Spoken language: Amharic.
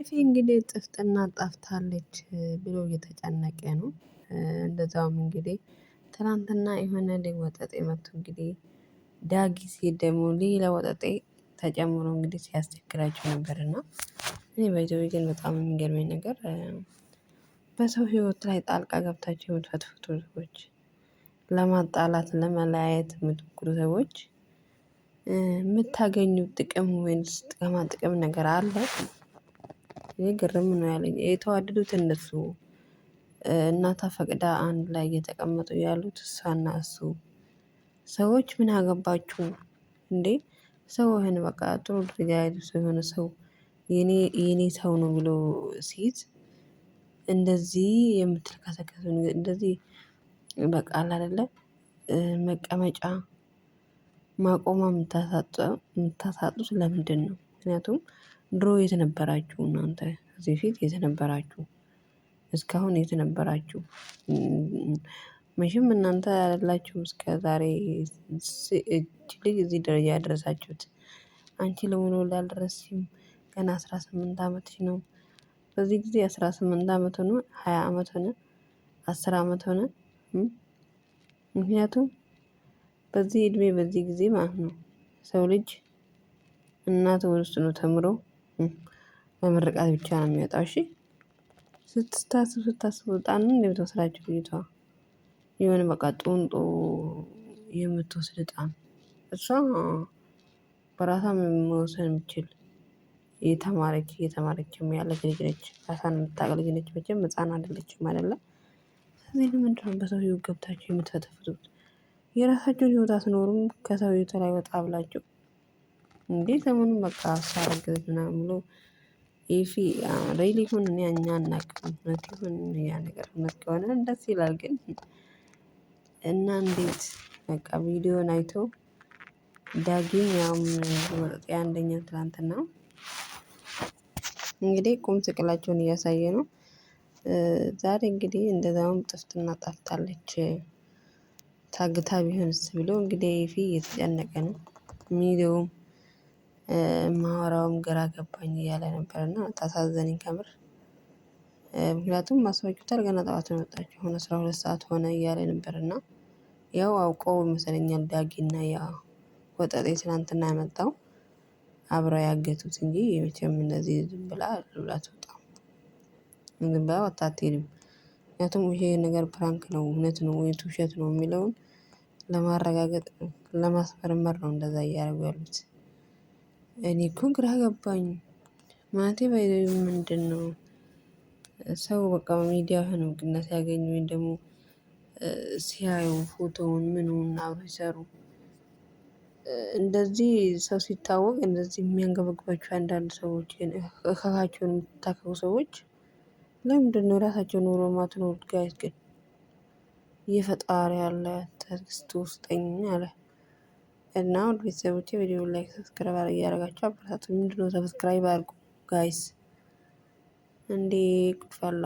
ይሄ እንግዲህ ጥፍጥና ጠፍታለች ብሎ እየተጨነቀ ነው። እንደዛውም እንግዲህ ትናንትና የሆነ ልጅ ወጠጤ መጥቶ እንግዲህ ዳጊ ሲሄድ ደግሞ ሌላ ወጠጤ ተጨምሮ እንግዲህ ሲያስቸግራቸው ነበር። እና እኔ በዚህ ግን በጣም የሚገርመኝ ነገር በሰው ህይወት ላይ ጣልቃ ገብታቸው የምትፈትፉት ሰዎች፣ ለማጣላት ለመለያየት የምትሞክሩ ሰዎች የምታገኙ ጥቅም ወይም ጥቅማ ጥቅም ነገር አለ? ግርም ነው ያለኝ የተዋደዱት እነሱ እናቷ ፈቅዳ አንድ ላይ እየተቀመጡ ያሉት እሷና እሱ። ሰዎች ምን አገባችሁ እንዴ? ሰው ይህን በቃ ጥሩ ድጋይዱ የሆነ ሰው የኔ ሰው ነው ብሎ ሲይዝ እንደዚህ የምትልከሰከሱ እንደዚህ በቃ አላደለ መቀመጫ ማቆማ የምታሳጡት ለምንድን ነው? ምክንያቱም ድሮ የተነበራችሁ እናንተ እዚህ ፊት የተነበራችሁ እስካሁን የተነበራችሁ ነበራችሁ? መቼም እናንተ አይደላችሁም እስከ ዛሬ እጅ ልጅ እዚህ ደረጃ ያደረሳችሁት። አንቺ ለሆኖ ላልደረስሽም ገና አስራ ስምንት ዓመትሽ ነው። በዚህ ጊዜ አስራ ስምንት አመት ሆነ ሀያ አመት ሆነ አስር አመት ሆነ። ምክንያቱም በዚህ እድሜ በዚህ ጊዜ ማለት ነው ሰው ልጅ እናት እናቱ ነው ተምረው በምርቃት ብቻ ነው የሚወጣው። እሺ ስታስብ ስታስብ በጣም ነው የምትወስዳቸው ልጅቷ የሆነ በቃ ጦንጦ የምትወስድ እጣን እሷ በራሷ መወሰን የምችል የተማረች እየተማረች ያለች ልጅ ነች። ራሷን የምታውቅ ልጅ ነች። መቼም ሕፃን አይደለችም አይደለ? ስለዚህ ለምንድን በሰው ህይወት ገብታችሁ የምትፈተፍቱት? የራሳችሁን ህይወት አትኖሩም። ከሰው ህይወት ላይ ወጣ ብላችሁ እንዴ ሰሞኑን በቃ እሷ አረገዘች ምናምን ብሎ ኤፊ ሬሊ ሁን እኔ እኛ አናውቅም። እውነት ያ ነገር እውነት ከሆነ ደስ ይላል። ግን እና እንዴት በቃ ቪዲዮን አይቶ ዳጊም ያውም ወጥ አንደኛ ትላንትና እንግዲህ ቁም ስቅላቸውን እያሳየ ነው። ዛሬ እንግዲህ እንደዛውም ጥፍትና ጣፍጣለች ታግታ ቢሆንስ ብሎ እንግዲህ ኤፊ እየተጨነቀ ነው ሚዲዮም ማወራውም ግራ ገባኝ እያለ ነበር እና ታሳዘነኝ ከምር። ምክንያቱም ማስታወቂያው ገና ጠዋት ነው የወጣችው የሆነ አስራ ሁለት ሰዓት ሆነ እያለ ነበር እና ያው አውቀው ይመስለኛል ዳጊና ያ ወጠጤ ትናንትና ያመጣው አብረው ያገቱት እንጂ መቼም እነዚህ ዝም ብላ ልብላት ወጣ ዝም ብላ ወጥታ አትሄድም። ምክንያቱም ይሄ ነገር ፕራንክ ነው እውነት ነው ወይ ውሸት ነው የሚለውን ለማረጋገጥ ለማስመርመር ነው እንደዛ እያደረጉ ያሉት እኔ እኮ ግራ ገባኝ። ማለቴ ባይ ምንድን ነው ሰው በቃ ሚዲያ ሆነ ግና ሲያገኙ ወይም ደግሞ ሲያዩ ፎቶውን ምኑን አብሮ ሲሰሩ እንደዚህ ሰው ሲታወቅ እንደዚህ የሚያንገበግባቸው አንዳንድ ሰዎች እካካቸውን የምትታከቡ ሰዎች ለምንድን ነው ራሳቸው ኑሮ ማትኖሩት? ጋይስ ግን የፈጣሪ ያለ ትዕግስት ውስጠኝ አለ። እና ውድ ቤተሰቦቼ ቪዲዮ ላይክ ሰብስክራይብ እያደረጋችሁ አበረታቱ። ምንድነው ሰብስክራይብ አድርጉ ጋይስ። እንዴ ጉድፈላ